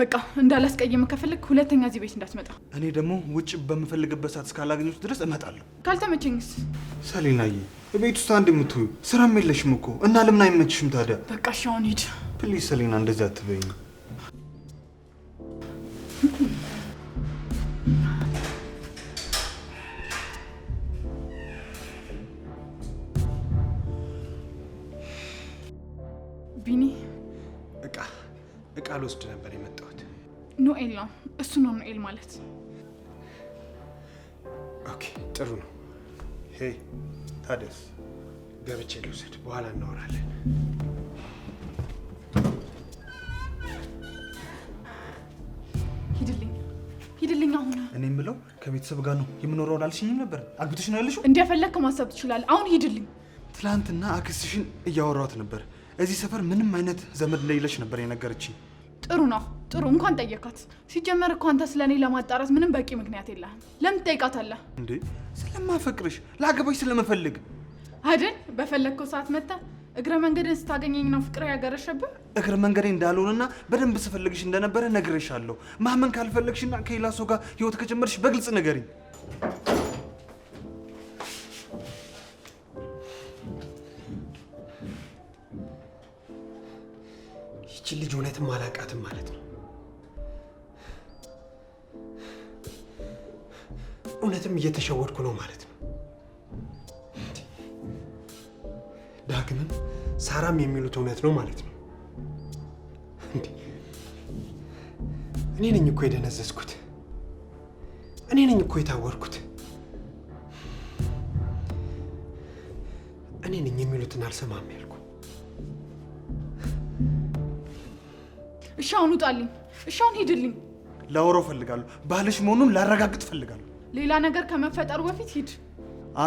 በቃ እንዳላስቀየም ከፈለግ ሁለተኛ እዚህ ቤት እንዳትመጣ። እኔ ደግሞ ውጭ በምፈልግበት ሰዓት እስካላገኘሁት ድረስ እመጣለሁ። ካልተመቸኝስ? ሰሊናዬ ቤት ውስጥ አንድ የምትውዩ ስራም የለሽም እኮ እና ለምን አይመችሽም ታዲያ? በቃ እሺ አሁን ሂድ። ፕሊዝ ሰሊና እንደዚህ አትበይኝ። ቢኒ እቃ እቃ ልወስድ ነበር ኖኤል ነው። እሱ ነው ኖኤል ማለት። ኦኬ ጥሩ ነው። ሄይ ታደስ፣ ገብቼ ልውሰድ፣ በኋላ እናወራለን። ሂድልኝ፣ ሂድልኝ አሁን። እኔ የምለው ከቤተሰብ ጋር ነው የምኖረው አልሽኝም ነበር? አግብተሽ ነው ያለሽው? እንደፈለግክ ማሰብ ትችላለህ። አሁን ሂድልኝ። ትላንትና አክስትሽን እያወራኋት ነበር። እዚህ ሰፈር ምንም አይነት ዘመድ እንደሌለሽ ነበር የነገረችኝ። ጥሩ ነው ጥሩ እንኳን ጠየካት። ሲጀመር እኮ አንተ ስለ እኔ ለማጣራት ምንም በቂ ምክንያት የለህም። ለምን ትጠይቃታለህ እንዴ? ስለማፈቅርሽ ለአገባሽ ስለመፈልግ አይደል? በፈለግከው ሰዓት መጥተህ እግረ መንገድን ስታገኘኝ ነው ፍቅር ያገረሸብህ። እግረ መንገዴ እንዳልሆንና በደንብ ስፈልግሽ እንደነበረ ነግሬሻለሁ። ማመን ካልፈለግሽና ከሌላ ሰው ጋር ህይወት ከጀመርሽ በግልጽ ንገሪኝ። ይችን ልጅ እውነትም አላውቃትም ማለት ነው። እውነትም እየተሸወድኩ ነው ማለት ነው። ዳግምም ሳራም የሚሉት እውነት ነው ማለት ነው። እኔ ነኝ እኮ የደነዘዝኩት። እኔ ነኝ እኮ የታወርኩት። እኔ ነኝ የሚሉትን አልሰማም ያልኩ። እሺ አሁን ውጣልኝ። እሺ አሁን ሂድልኝ። ላወራው እፈልጋለሁ። ባልሽ መሆኑን ላረጋግጥ እፈልጋለሁ። ሌላ ነገር ከመፈጠሩ በፊት ሂድ።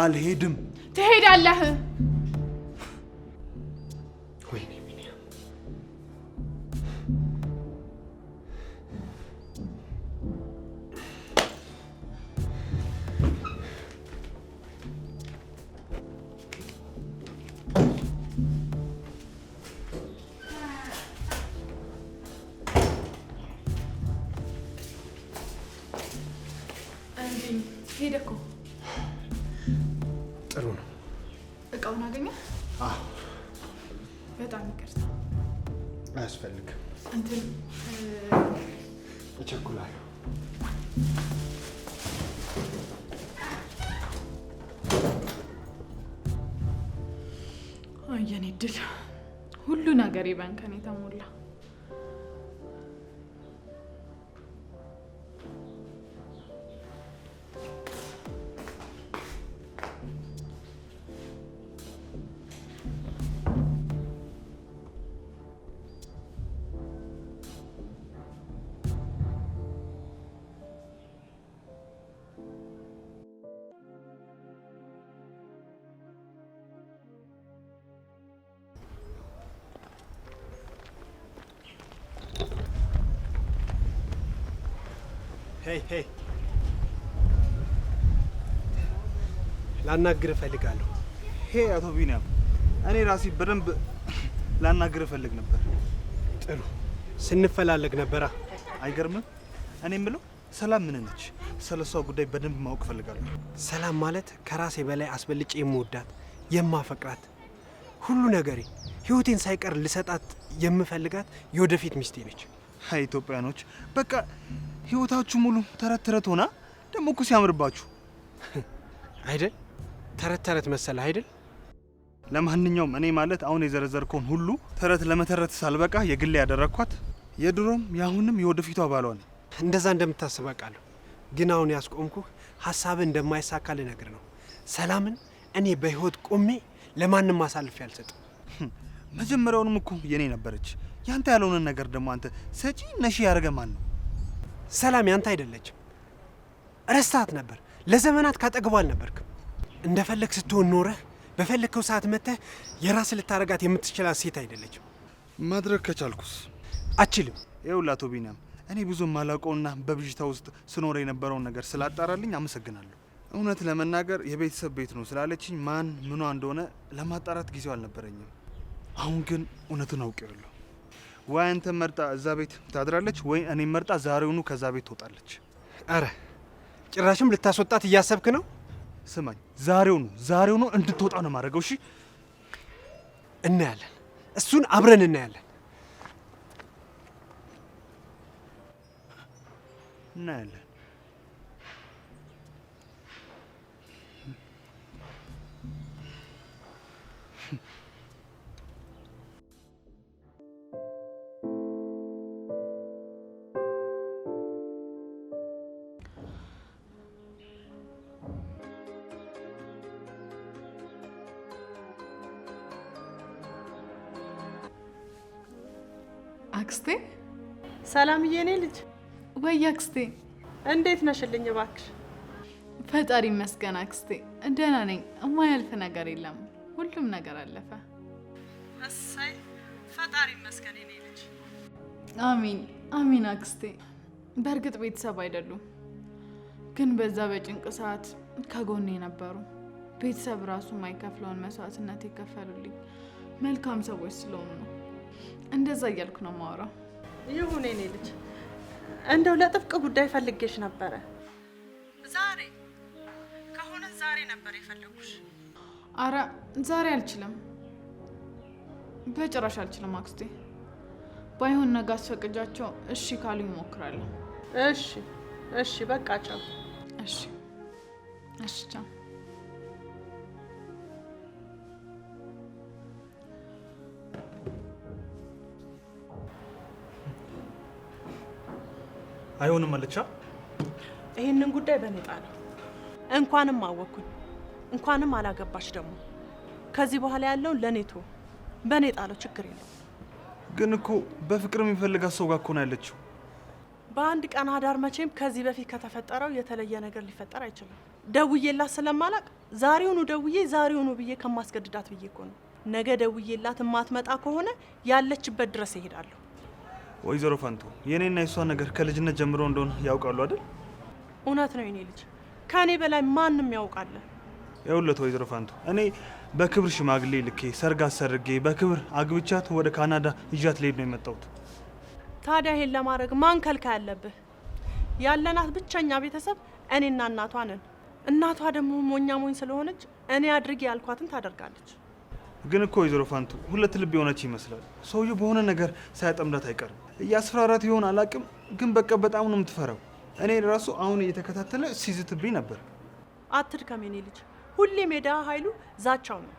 አልሄድም። ትሄዳለህ። እድል ሁሉ ነገር በእንከን የተሞላ ሄይ ሄይ፣ ላናግር እፈልጋለሁ። ሄይ አቶ ቢኒያም፣ እኔ ራሴ በደንብ ላናግር እፈልግ ነበር። ጥሩ ስንፈላለግ ነበራ። አይገርምም? እኔ የምለው ሰላም ምን ነች? ስለ እሷ ጉዳይ በደንብ ማወቅ እፈልጋለሁ። ሰላም ማለት ከራሴ በላይ አስበልጬ የምወዳት የማፈቅራት ሁሉ ነገሬ ህይወቴን ሳይቀር ልሰጣት የምፈልጋት የወደፊት ሚስቴ ነች። አይ ኢትዮጵያኖች በቃ ህይወታችሁ ሙሉ ተረት ተረት ሆና ደግሞ እኮ ሲያምርባችሁ አይደል? ተረት ተረት መሰለህ አይደል? ለማንኛውም እኔ ማለት አሁን የዘረዘርከውን ሁሉ ተረት ለመተረት ሳልበቃ የግሌ ያደረግኳት የድሮም የአሁንም የወደፊቷ ባሏ ነኝ። እንደዛ እንደምታስብ አውቃለሁ፣ ግን አሁን ያስቆምኩህ ሀሳብ እንደማይሳካ ልነግር ነው። ሰላምን እኔ በህይወት ቆሜ ለማንም አሳልፌ አልሰጥም። መጀመሪያውንም እኮ የኔ ነበረች። ያንተ ያልሆነ ነገር ደግሞ አንተ ሰጪ ነሺ ያደረገ ማን ነው? ሰላም ያንተ አይደለችም። ረስታት ነበር። ለዘመናት ካጠግቧ አልነበርክም። እንደፈለግ ስትሆን ኖረህ በፈለግከው ሰዓት መጥተህ የራስ ልታረጋት የምትችላት ሴት አይደለችም። ማድረግ ከቻልኩስ አችልም። ይኸውልህ አቶ ቢኒያም እኔ ብዙ ማላውቀውና በብዥታ ውስጥ ስኖረ የነበረውን ነገር ስላጣራልኝ አመሰግናለሁ። እውነት ለመናገር የቤተሰብ ቤት ነው ስላለችኝ ማን ምኗ እንደሆነ ለማጣራት ጊዜው አልነበረኝም። አሁን ግን እውነቱን አውቄዋለሁ። ወይ አንተ መርጣ እዛ ቤት ታድራለች፣ ወይ እኔ መርጣ ዛሬውኑ ከዛ ቤት ትወጣለች። አረ ጭራሽም ልታስወጣት እያሰብክ ነው? ስማኝ፣ ዛሬውኑ ዛሬውኑ እንድትወጣ ነው የማደርገው። እሺ፣ እናያለን። እሱን አብረን እናያለን። እናያለን ሰላምዬ፣ እኔ ልጅ ወይ አክስቴ፣ እንዴት ነሽልኝ? እባክሽ ፈጣሪ ይመስገን አክስቴ፣ ደህና ነኝ። የማያልፍ ነገር የለም፣ ሁሉም ነገር አለፈ። እሰይ ፈጣሪ ይመስገን የኔ ልጅ። አሚን አሚን አክስቴ። በእርግጥ ቤተሰብ አይደሉም፣ ግን በዛ በጭንቅ ሰዓት ከጎኔ ነበሩ። ቤተሰብ ራሱ የማይከፍለውን መስዋዕትነት የከፈሉልኝ መልካም ሰዎች ስለሆኑ ነው። እንደዛ እያልኩ ነው ማወራው ይሁን የኔ ልጅ። እንደው ለጥብቅ ጉዳይ ፈልጌሽ ነበረ። ዛሬ ከሆነ ዛሬ ነበር የፈለጉሽ። አረ ዛሬ አልችልም፣ በጭራሽ አልችልም አክስቴ። ባይሆን ነገ አስፈቅጃቸው እሺ ካሉኝ እሞክራለሁ። እሺ እሺ፣ በቃ ቻው። እሺ እሺ፣ ቻው አይሆንም መልቻ፣ ይህንን ጉዳይ በነጣ ጣለው። እንኳንም አወቅኩኝ እንኳንም አላገባች። ደግሞ ከዚህ በኋላ ያለው ለኔቶ በእኔ ጣለው፣ ችግር የለው። ግን እኮ በፍቅር የሚፈልጋት ሰው ጋር እኮ ነው ያለችው። በአንድ ቀን አዳር መቼም ከዚህ በፊት ከተፈጠረው የተለየ ነገር ሊፈጠር አይችልም። ደውዬላት ስለማላቅ ዛሬውኑ ደውዬ ዛሬውኑ ብዬ ከማስገድዳት ብዬ እኮ ነው። ነገ ደውዬላት እማትመጣ ከሆነ ያለችበት ድረስ ይሄዳለሁ። ወይዘሮ ፋንቱ የእኔና የእሷ ነገር ከልጅነት ጀምሮ እንደሆነ ያውቃሉ አይደል? እውነት ነው የኔ ልጅ፣ ከእኔ በላይ ማንም ያውቃለ። የሁለት ወይዘሮ ፋንቱ እኔ በክብር ሽማግሌ ልኬ ሰርግ አሰርጌ በክብር አግብቻት ወደ ካናዳ ይዣት ልሄድ ነው የመጣሁት። ታዲያ ይሄን ለማድረግ ማን ከልካ ያለብህ? ያለናት ብቸኛ ቤተሰብ እኔና እናቷ ነን። እናቷ ደግሞ ሞኛ ሞኝ ስለሆነች እኔ አድርጌ ያልኳትን ታደርጋለች። ግን እኮ ወይዘሮ ፋንቱ ሁለት ልብ የሆነች ይመስላል። ሰውየው በሆነ ነገር ሳያጠምዳት አይቀርም። እያስፈራራት ይሆን አላቅም፣ ግን በቃ በጣም ነው የምትፈራው። እኔ ራሱ አሁን እየተከታተለ ሲዝትብኝ ነበር። አትድከም የኔ ልጅ፣ ሁሌም የዳ ኃይሉ ዛቻው ነው።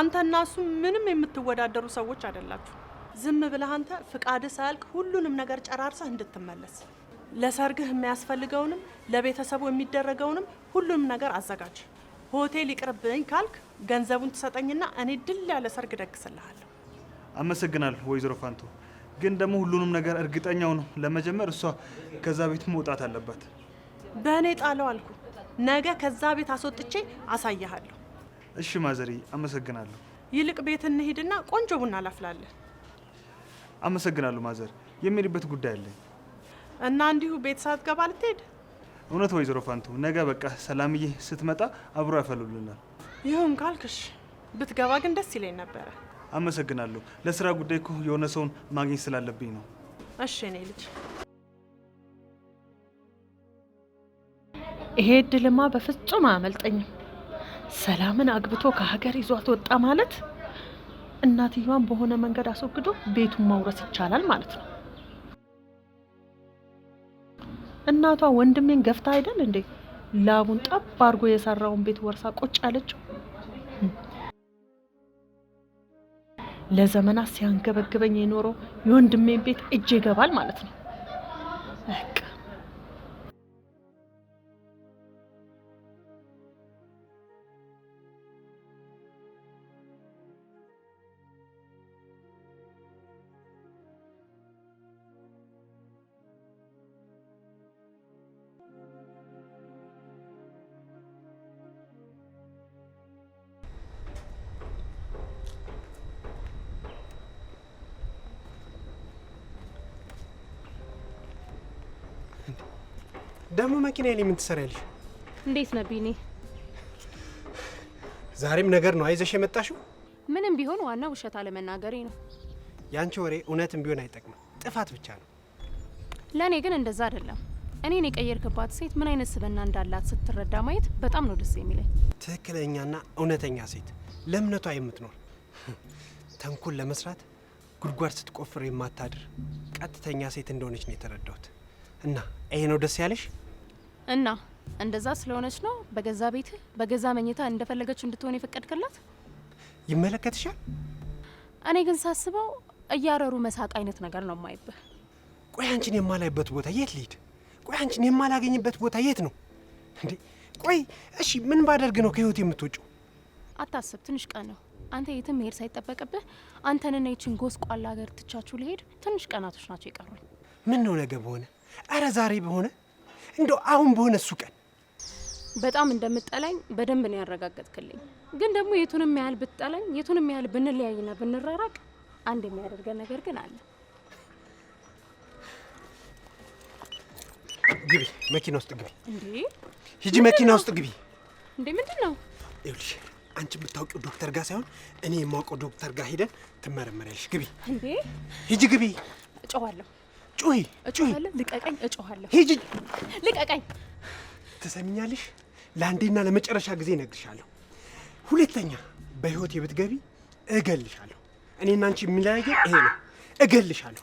አንተ እና እሱ ምንም የምትወዳደሩ ሰዎች አይደላችሁ። ዝም ብለህ አንተ ፍቃድ ሳያልቅ ሁሉንም ነገር ጨራርሰህ እንድትመለስ ለሰርግህ የሚያስፈልገውንም ለቤተሰቡ የሚደረገውንም ሁሉንም ነገር አዘጋጅ። ሆቴል ይቅርብኝ ካልክ ገንዘቡን ትሰጠኝና እኔ ድል ያለ ሰርግ ደግስልሃለሁ። አመሰግናለሁ ወይዘሮ ፋንቶ። ግን ደግሞ ሁሉንም ነገር እርግጠኛው ነው ለመጀመር እሷ ከዛ ቤት መውጣት አለባት። በእኔ ጣለው አልኩ። ነገ ከዛ ቤት አስወጥቼ አሳያሃለሁ። እሺ ማዘሪ፣ አመሰግናለሁ። ይልቅ ቤት እንሂድና ቆንጆ ቡና ላፍላለን። አመሰግናለሁ ማዘር፣ የሚሄድበት ጉዳይ አለኝ እና እንዲሁ ቤት ሳትገባ ልትሄድ እውነት ወይዘሮ ፋንቱ ነገ በቃ ሰላምዬ ስትመጣ አብሮ ያፈሉልናል። ይሁን ካልክሽ ብትገባ ግን ደስ ይለኝ ነበረ። አመሰግናለሁ። ለስራ ጉዳይ እኮ የሆነ ሰውን ማግኘት ስላለብኝ ነው። እሺ እኔ ልጅ ይሄ እድልማ በፍጹም አያመልጠኝም። ሰላምን አግብቶ ከሀገር ይዟት ወጣ ማለት እናትየዋን በሆነ መንገድ አስወግዶ ቤቱን ማውረስ ይቻላል ማለት ነው። እናቷ ወንድሜን ገፍታ አይደል እንዴ ላቡን ጠብ አድርጎ የሰራውን ቤት ወርሳ ቁጭ ያለችው? ለዘመናት ሲያንገበግበኝ የኖረው የወንድሜን ቤት እጅ ይገባል ማለት ነው። ደግሞ መኪና ላይ ምን ትሰሪያለሽ? እንዴት ነህ ቢኒ? ዛሬም ነገር ነው አይዘሽ የመጣሽው? ምንም ቢሆን ዋናው ውሸት አለመናገሬ ነው። ያንቺ ወሬ እውነትም ቢሆን አይጠቅምም፣ ጥፋት ብቻ ነው። ለእኔ ግን እንደዛ አይደለም። እኔን የቀየርክባት ሴት ምን አይነት ስብዕና እንዳላት ስትረዳ ማየት በጣም ነው ደስ የሚለኝ። ትክክለኛና እውነተኛ ሴት፣ ለእምነቷ የምትኖር ተንኮል ለመስራት ጉድጓድ ስትቆፍር የማታድር ቀጥተኛ ሴት እንደሆነች ነው የተረዳሁት። እና ይሄ ነው ደስ ያለሽ? እና እንደዛ ስለሆነች ነው በገዛ ቤት በገዛ መኝታ እንደፈለገችው እንድትሆን የፈቀድክላት? ይመለከትሻል። እኔ ግን ሳስበው እያረሩ መሳቅ አይነት ነገር ነው የማይብህ። ቆይ አንቺን የማላይበት ቦታ የት ልሂድ? ቆይ አንቺን የማላገኝበት ቦታ የት ነው እንዴ? ቆይ እሺ ምን ባደርግ ነው ከህይወት የምትወጪው? አታስብ፣ ትንሽ ቀን ነው። አንተ የትም መሄድ ሳይጠበቅብህ አንተንና ይችን ጎስቋላ ሀገር ትቻችሁ ልሄድ ትንሽ ቀናቶች ናቸው የቀሩኝ። ምን ነው ነገ በሆነ አረ ዛሬ በሆነ እንደው አሁን በሆነ እሱ ቀን በጣም እንደምጠላኝ በደንብ ነው ያረጋገጥክልኝ። ግን ደግሞ የቱንም ያህል ብትጠላኝ፣ የቱንም ያህል ብንለያይና ብንራራቅ አንድ የሚያደርገን ነገር ግን አለ። ግቢ፣ መኪና ውስጥ ግቢ። እንዴ! ሂጂ፣ መኪና ውስጥ ግቢ። እንዴ! ምንድን ነው? ይኸውልሽ አንቺ የምታውቂው ዶክተር ጋር ሳይሆን እኔ የማውቀው ዶክተር ጋር ሄደን ትመረመሪያለሽ። ግቢ። እንዴ! ሂጂ፣ ግቢ። እጨዋለሁ ጩሂ ጩሂ! ልቀቀኝ! እጮሃለሁ! ሂጂ! ልቀቀኝ! ትሰሚኛለሽ? ለአንዴና ለመጨረሻ ጊዜ እነግርሻለሁ። ሁለተኛ በህይወት የብትገቢ እገልሻለሁ። እኔና አንቺ የሚለያየን ይሄ ነው። እገልሻለሁ።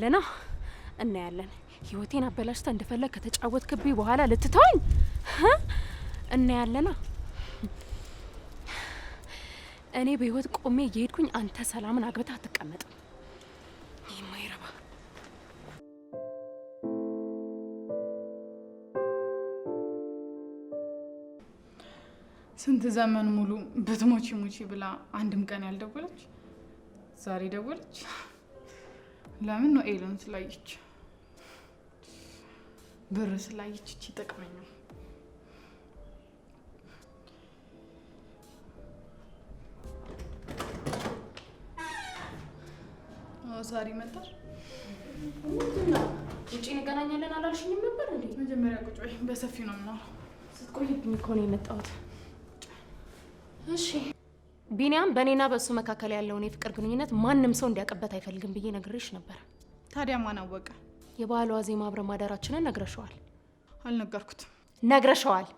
ያለና እናያለን። ህይወቴን አበላሽታ እንደፈለግ ከተጫወት ክቤ በኋላ ልትተወኝ እናያለና እኔ በህይወት ቆሜ እየሄድኩኝ አንተ ሰላምን አግብታ አትቀመጥም። ስንት ዘመን ሙሉ ብትሞቺ ሙቺ ብላ አንድም ቀን ያልደወለች ዛሬ ደወለች። ለምን ነው ኤለን ስላየች ብር ስላየች እቺ ይጠቅመኛል። ዛሬ መጣሽ? ውጭ እንገናኛለን አላልሽኝም ነበር እንዴ? መጀመሪያ ቁጭ በይ፣ በሰፊው ነው የምናወራው። ስትቆይብኝ እኮ ነው የመጣሁት። እሺ ቢኒያም በእኔና በእሱ መካከል ያለውን የፍቅር ግንኙነት ማንም ሰው እንዲያውቅበት አይፈልግም ብዬ ነግሬሽ ነበር። ታዲያ ማን አወቀ? የባህሏ ዜማ አብረን ማደራችንን ነግረሸዋል። አልነገርኩትም። ነግረሸዋል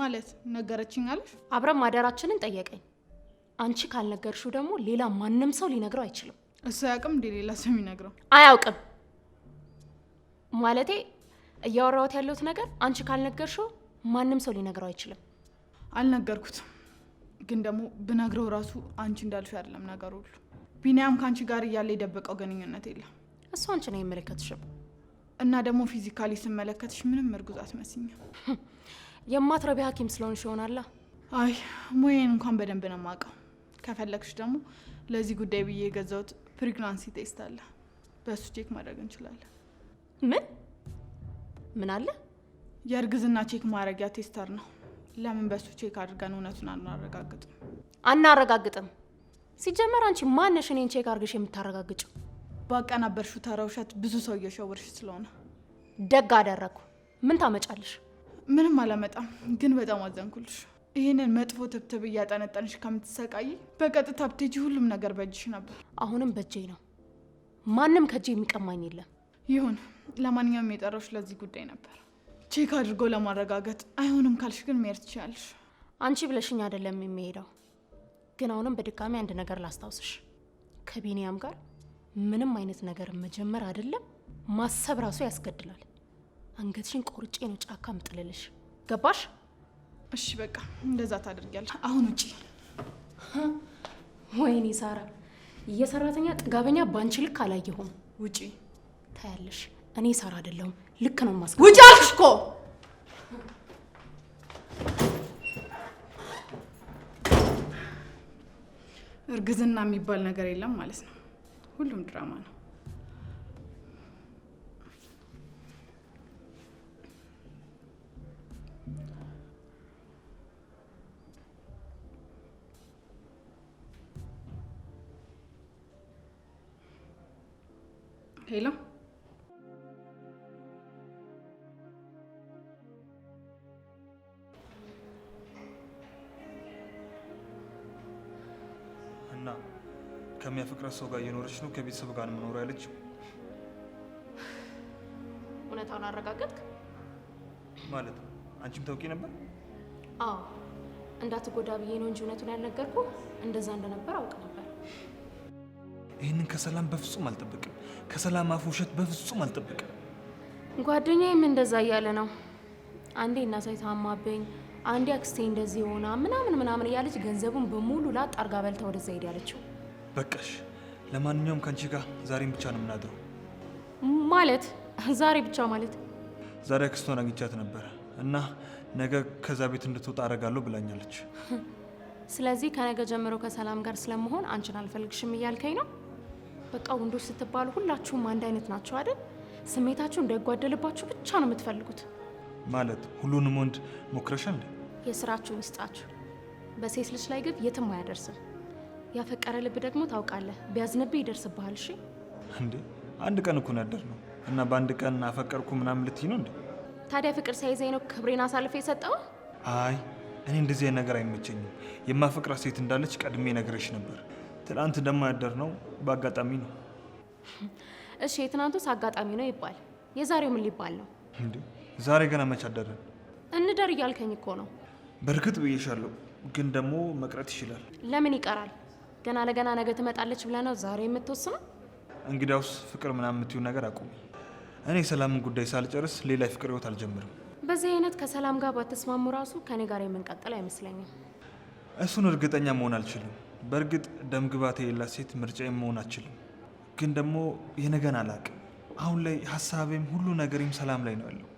ማለት ነገረችኝ አለሽ? አብረን ማደራችንን ጠየቀኝ። አንቺ ካልነገርሹ ደግሞ ሌላ ማንም ሰው ሊነግረው አይችልም። እሱ አያውቅም እንዴ? ሌላ ሰው የሚነግረው አያውቅም። ማለቴ እያወራሁት ያለሁት ነገር አንቺ ካልነገርሽው ማንም ሰው ሊነግረው አይችልም። አልነገርኩትም ግን ደግሞ ብነግረው ራሱ አንቺ እንዳልሽው አይደለም ነገር ሁሉ። ቢኒያም ከአንቺ ጋር እያለ የደበቀው ግንኙነት የለም። እሱ አንቺ ነው የመለከትሽም እና ደግሞ ፊዚካሊ ስመለከትሽ ምንም እርጉዝ አትመስኝም። የማትረቢ ሐኪም ስለሆንሽ ይሆናላ። አይ ሙዬን እንኳን በደንብ ነው የማውቀው። ከፈለግሽ ደግሞ ለዚህ ጉዳይ ብዬ የገዛሁት ፕሬግናንሲ ቴስት አለ። በእሱ ቼክ ማድረግ እንችላለን። ምን ምን አለ? የእርግዝና ቼክ ማድረጊያ ቴስተር ነው ለምን በሱ ቼክ አድርገን እውነቱን አናረጋግጥም? አናረጋግጥም። ሲጀመር አንቺ ማነሽ እኔን ቼክ አድርገሽ የምታረጋግጭው? ባቀናበርሽው ተራ ብዙ ሰው እየሸወርሽ ስለሆነ። ደግ አደረግኩ። ምን ታመጫለሽ? ምንም አላመጣም፣ ግን በጣም አዘንኩልሽ። ይህንን መጥፎ ትብትብ እያጠነጠንሽ ከምትሰቃይ በቀጥታ ብትሄጂ ሁሉም ነገር በእጅሽ ነበር። አሁንም በእጄ ነው። ማንም ከእጄ የሚቀማኝ የለም። ይሁን። ለማንኛውም የጠራሁሽ ለዚህ ጉዳይ ነበር። ቼክ አድርጎ ለማረጋገጥ አይሆንም ካልሽ ግን መሄድ ትችያለሽ። አንቺ ብለሽኝ አይደለም የሚሄደው። ግን አሁንም በድጋሚ አንድ ነገር ላስታውስሽ፣ ከቢኒያም ጋር ምንም አይነት ነገር መጀመር አይደለም ማሰብ ራሱ ያስገድላል። አንገትሽን ቆርጬ ነው ጫካ ምጥልልሽ። ገባሽ? እሺ በቃ እንደዛ ታደርጊያለሽ። አሁን ውጪ። ወይኔ ሳራ፣ የሰራተኛ ጥጋበኛ ባንቺ ልክ አላየሁም። ውጪ። ታያለሽ፣ እኔ ሳራ አይደለሁም ልክ ነው ማስ ውጭ አልኩሽ እኮ እርግዝና የሚባል ነገር የለም ማለት ነው። ሁሉም ድራማ ነው። ሄሎ ከሚያፈቅራት ሰው ጋር እየኖረች ነው። ከቤተሰብ ጋር ነው የምኖረው ያለችው። እውነታውን አረጋገጥክ ማለት ነው? አንቺም ታውቂ ነበር? አዎ፣ እንዳትጎዳ ብዬ ነው እንጂ እውነቱን ያልነገርኩ እንደዛ እንደነበር አውቅ ነበር። ይህንን ከሰላም በፍጹም አልጠብቅም። ከሰላም አፍ ውሸት በፍጹም አልጠብቅም። ጓደኛዬም እንደዛ እያለ ነው። አንዴ እናቷ ታማብኝ፣ አንዴ አክስቴ እንደዚህ ሆና ምናምን ምናምን እያለች ገንዘቡን በሙሉ ላጥ አርጋ በልታ ወደዛ ሄድ ያለችው በቃሽ። ለማንኛውም ከአንቺ ጋር ዛሬን ብቻ ነው የምናድረው። ማለት ዛሬ ብቻ ማለት? ዛሬ አክስቷን አግኝቻት ነበር እና ነገ ከዛ ቤት እንድትወጣ አደርጋለሁ ብላኛለች። ስለዚህ ከነገ ጀምሮ ከሰላም ጋር ስለመሆን አንቺን አልፈልግሽም እያልከኝ ነው? በቃ ወንዶች ስትባሉ ሁላችሁም አንድ አይነት ናቸው አይደል? ስሜታችሁ እንዳይጓደልባችሁ ብቻ ነው የምትፈልጉት። ማለት ሁሉንም ወንድ ሞክረሻል? የስራችሁን ይስጣችሁ። በሴት ልጅ ላይ ግብ የትም አያደርስም። ያፈቀረ ልብ ደግሞ ታውቃለህ፣ ቢያዝንብህ ይደርስብሃል። እሺ እንዴ አንድ ቀን እኮ ያደር ነው እና በአንድ ቀን አፈቀርኩ ምናምን ልትይ ነው እንዴ? ታዲያ ፍቅር ሳይዘኝ ነው ክብሬን አሳልፈ የሰጠው? አይ እኔ እንደዚህ ነገር አይመቸኝም። የማፈቅራ ሴት እንዳለች ቀድሜ ነግሬሽ ነበር። ትናንት እንደማያደር ነው በአጋጣሚ ነው። እሺ የትናንቱስ አጋጣሚ ነው ይባል፣ የዛሬው ምን ሊባል ነው እንዴ? ዛሬ ገና መች አደርን? እንደር እያልከኝ እኮ ነው። በእርግጥ ብዬሻለሁ፣ ግን ደግሞ መቅረት ይችላል። ለምን ይቀራል? ገና ለገና ነገ ትመጣለች ብለህ ነው ዛሬ የምትወስነው? እንግዲያውስ ፍቅር ምናምን የምትዩ ነገር አቁሚ። እኔ የሰላምን ጉዳይ ሳልጨርስ ሌላ የፍቅር ህይወት አልጀምርም። በዚህ አይነት ከሰላም ጋር ባትስማሙ ራሱ ከእኔ ጋር የምንቀጥል አይመስለኝም። እሱን እርግጠኛ መሆን አልችልም። በእርግጥ ደም ግባት የሌላት ሴት ምርጫ መሆን አልችልም። ግን ደግሞ የነገን አላቅም። አሁን ላይ ሀሳቤም ሁሉ ነገሬም ሰላም ላይ ነው ያለው።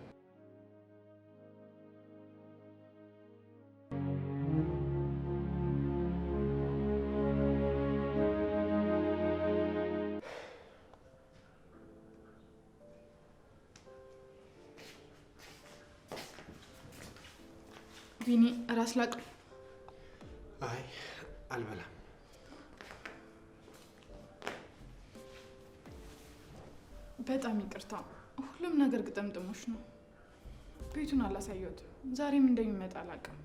ላስላቅ? አይ አልበላም። በጣም ይቅርታ፣ ሁሉም ነገር ግጥምጥሞች ነው። ቤቱን አላሳየሁትም። ዛሬም እንደሚመጣ አላውቅም።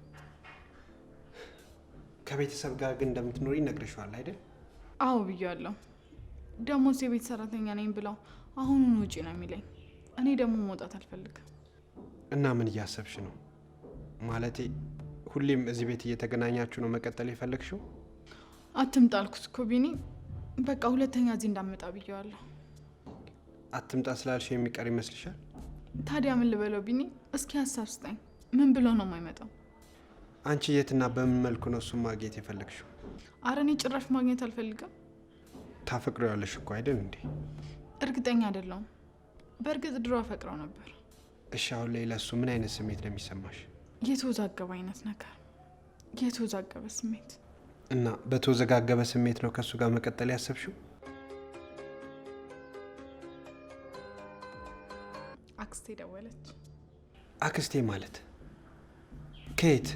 ከቤተሰብ ጋር ግን እንደምትኖሪ ነግረሽዋል አይደል? አዎ ብያለሁ። ደሞስ የቤት ሰራተኛ ነኝ ብለው አሁኑን ውጪ ነው የሚለኝ። እኔ ደግሞ መውጣት አልፈልግም። እና ምን እያሰብሽ ነው ማለቴ ሁሌም እዚህ ቤት እየተገናኛችሁ ነው መቀጠል የፈለግሽው? አትምጣ አልኩት እኮ ቢኒ። በቃ ሁለተኛ እዚህ እንዳመጣ ብየዋለሁ። አትምጣ ስላልሽው የሚቀር ይመስልሻል? ታዲያ ምን ልበለው ቢኒ? እስኪ ሀሳብ ስጠኝ። ምን ብሎ ነው የማይመጣው? አንቺ የትና በምን መልኩ ነው እሱም ማግኘት የፈለግሽው? አረ እኔ ጭራሽ ማግኘት አልፈልግም። ታፈቅሮ ያለሽ እኮ አይደል እንዴ? እርግጠኛ አይደለውም? በእርግጥ ድሮ አፈቅረው ነበር። እሺ አሁን ላይ ለእሱ ምን አይነት ስሜት ነው የሚሰማሽ? የተወዛገበ አይነት ነገር፣ የተወዛገበ ስሜት እና በተወዘጋገበ ስሜት ነው ከእሱ ጋር መቀጠል ያሰብሽው? አክስቴ ደወለች። አክስቴ ማለት ከየት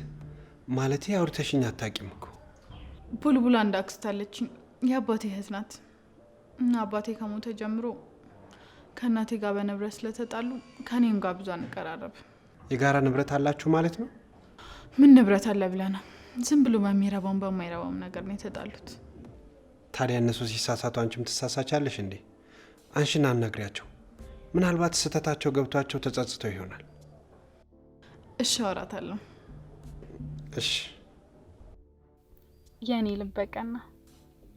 ማለት? አውርተሽኝ አታውቂም እኮ። ቡልቡላ አንድ አክስት አለችኝ፣ የአባቴ እህት ናት። እና አባቴ ከሞተ ጀምሮ ከእናቴ ጋር በንብረት ስለተጣሉ ከእኔም ጋር ብዙ አንቀራረብም የጋራ ንብረት አላችሁ ማለት ነው? ምን ንብረት አለ ብለህ ዝም ብሎ በሚረባውም በማይረባውም ነገር ነው የተጣሉት። ታዲያ እነሱ ሲሳሳቱ አንቺም ትሳሳቻለሽ እንዴ? አንሽን አናግሪያቸው። ምናልባት ስህተታቸው ገብቷቸው ተጸጽተው ይሆናል። እሺ፣ አወራታለሁ። እሺ። የእኔ ልበቀና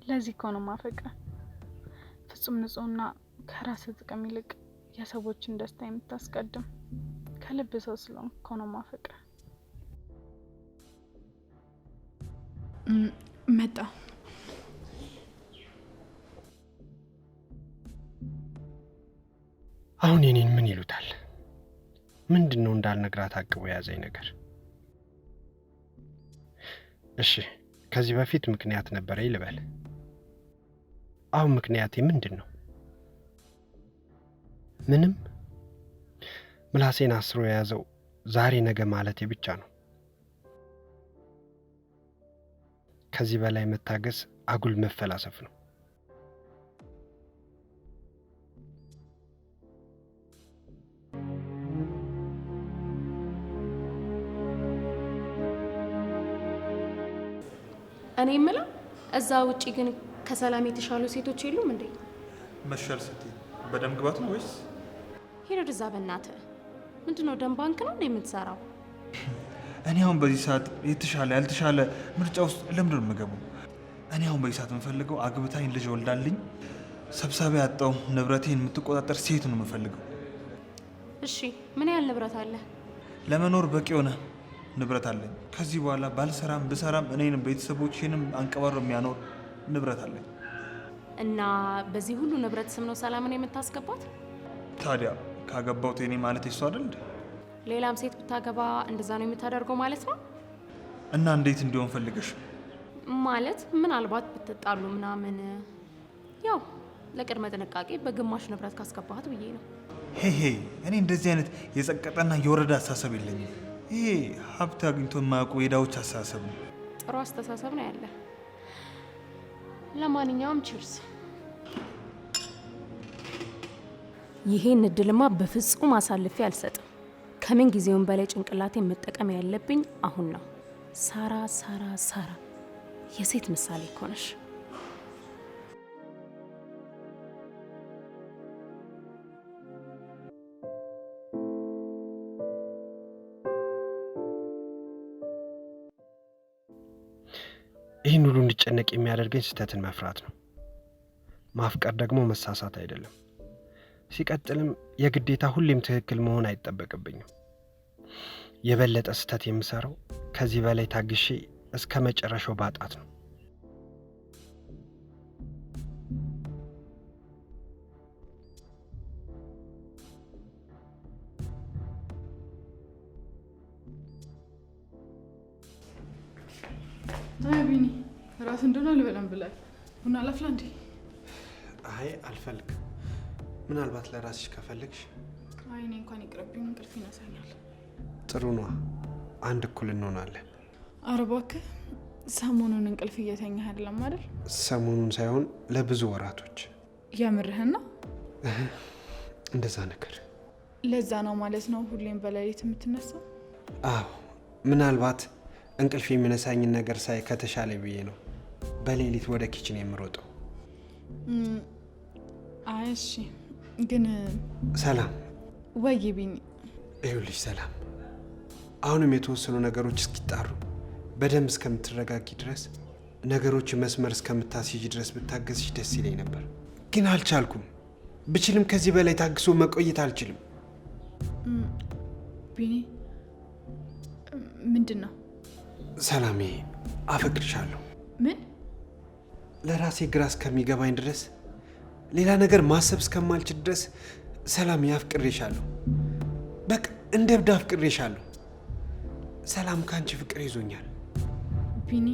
ለዚህ እኮ ነው ማፈቀ ፍጹም ንጹህና ከራስ ጥቅም ይልቅ የሰዎችን ደስታ የምታስቀድም ከልብ ሰው ስለሆንክ እኮ ነው መጣ አሁን የኔን ምን ይሉታል? ምንድን ነው እንዳልነግራት አቅቦ የያዘኝ ነገር? እሺ ከዚህ በፊት ምክንያት ነበረ ይልበል አሁን ምክንያቴ ምንድን ነው? ምንም ምላሴን አስሮ የያዘው ዛሬ ነገ ማለት ብቻ ነው። ከዚህ በላይ መታገስ አጉል መፈላሰፍ ነው። እኔ የምለው እዛ ውጪ ግን ከሰላም የተሻሉ ሴቶች የሉም እንዴ? መሻል ስትይ በደም ግባት ነው ወይስ ሄሮድ? እዛ በእናትህ ምንድነው? ደም ባንክ ነው የምትሰራው? እኔ አሁን በዚህ ሰዓት የተሻለ ያልተሻለ ምርጫ ውስጥ ለምንድን ነው የምገባው? እኔ አሁን በዚህ ሰዓት የምፈልገው አግብታኝ ልጅ ወልዳልኝ ሰብሳቢ ያጣው ንብረቴን የምትቆጣጠር ሴት ነው የምፈልገው። እሺ ምን ያህል ንብረት አለ? ለመኖር በቂ የሆነ ንብረት አለኝ። ከዚህ በኋላ ባልሰራም ብሰራም እኔንም ቤተሰቦቼንም አንቀባሮ የሚያኖር ንብረት አለኝ። እና በዚህ ሁሉ ንብረት ስም ነው ሰላምን የምታስገባት ታዲያ ካገባሁት የኔ ማለት ይሱ አይደል እንዴ? ሌላም ሴት ብታገባ እንደዛ ነው የምታደርገው ማለት ነው። እና እንዴት እንዲሆን ፈልገሽ ማለት? ምናልባት ብትጣሉ ምናምን፣ ያው ለቅድመ ጥንቃቄ በግማሽ ንብረት ካስገባሃት ብዬ ነው። ሄሄ እኔ እንደዚህ አይነት የጸቀጠና የወረደ አስተሳሰብ የለኝም። ይሄ ሀብት አግኝቶ የማያውቁ የዳዎች አስተሳሰብ ነው። ጥሩ አስተሳሰብ ነው ያለ። ለማንኛውም ችርስ ይሄን እድልማ በፍጹም አሳልፌ አልሰጥም። ከምን ጊዜውን በላይ ጭንቅላቴን መጠቀም ያለብኝ አሁን ነው። ሳራ ሳራ ሳራ የሴት ምሳሌ እኮ ነሽ። ይህን ሁሉ እንዲጨነቅ የሚያደርገኝ ስህተትን መፍራት ነው። ማፍቀር ደግሞ መሳሳት አይደለም። ሲቀጥልም የግዴታ ሁሌም ትክክል መሆን አይጠበቅብኝም። የበለጠ ስህተት የምሰራው ከዚህ በላይ ታግሼ እስከ መጨረሻው ባጣት ነው። ቢኒ ራስ እንደሆነ አልበላም ብላል ቡና ላፍላ እንዴ? አይ አልፈልግም ምናልባት ለራስሽ ከፈለግሽ። አይ እኔ እንኳን ይቅርብኝ፣ እንቅልፍ ይነሳኛል። ጥሩ ነዋ፣ አንድ እኩል እንሆናለን። ኧረ እባክህ ሰሞኑን እንቅልፍ እየተኛ አይደለም አይደል? ሰሞኑን ሳይሆን ለብዙ ወራቶች። ነው እንደዛ ነገር። ለዛ ነው ማለት ነው ሁሌም በሌሊት የምትነሳው? አዎ፣ ምናልባት እንቅልፍ የሚነሳኝን ነገር ሳይ ከተሻለ ብዬ ነው በሌሊት ወደ ኪችን የምሮጠው። እሺ ግን ሰላም ወይ ቢኒ፣ ይኸውልሽ ሰላም፣ አሁንም የተወሰኑ ነገሮች እስኪጣሩ በደንብ እስከምትረጋጊ ድረስ ነገሮች መስመር እስከምታስይዥ ድረስ ብታገዝሽ ደስ ይለኝ ነበር፣ ግን አልቻልኩም። ብችልም ከዚህ በላይ ታግሶ መቆየት አልችልም። ቢኒ፣ ምንድን ነው? ሰላሜ፣ አፈቅድሻለሁ። ምን? ለራሴ ግራ እስከሚገባኝ ድረስ ሌላ ነገር ማሰብ እስከማልችል ድረስ ሰላም ያፍቅሬሻለሁ። በቃ እንደ እብድ አፍቅሬሻለሁ። ሰላም ከአንቺ ፍቅር ይዞኛል ቢኒ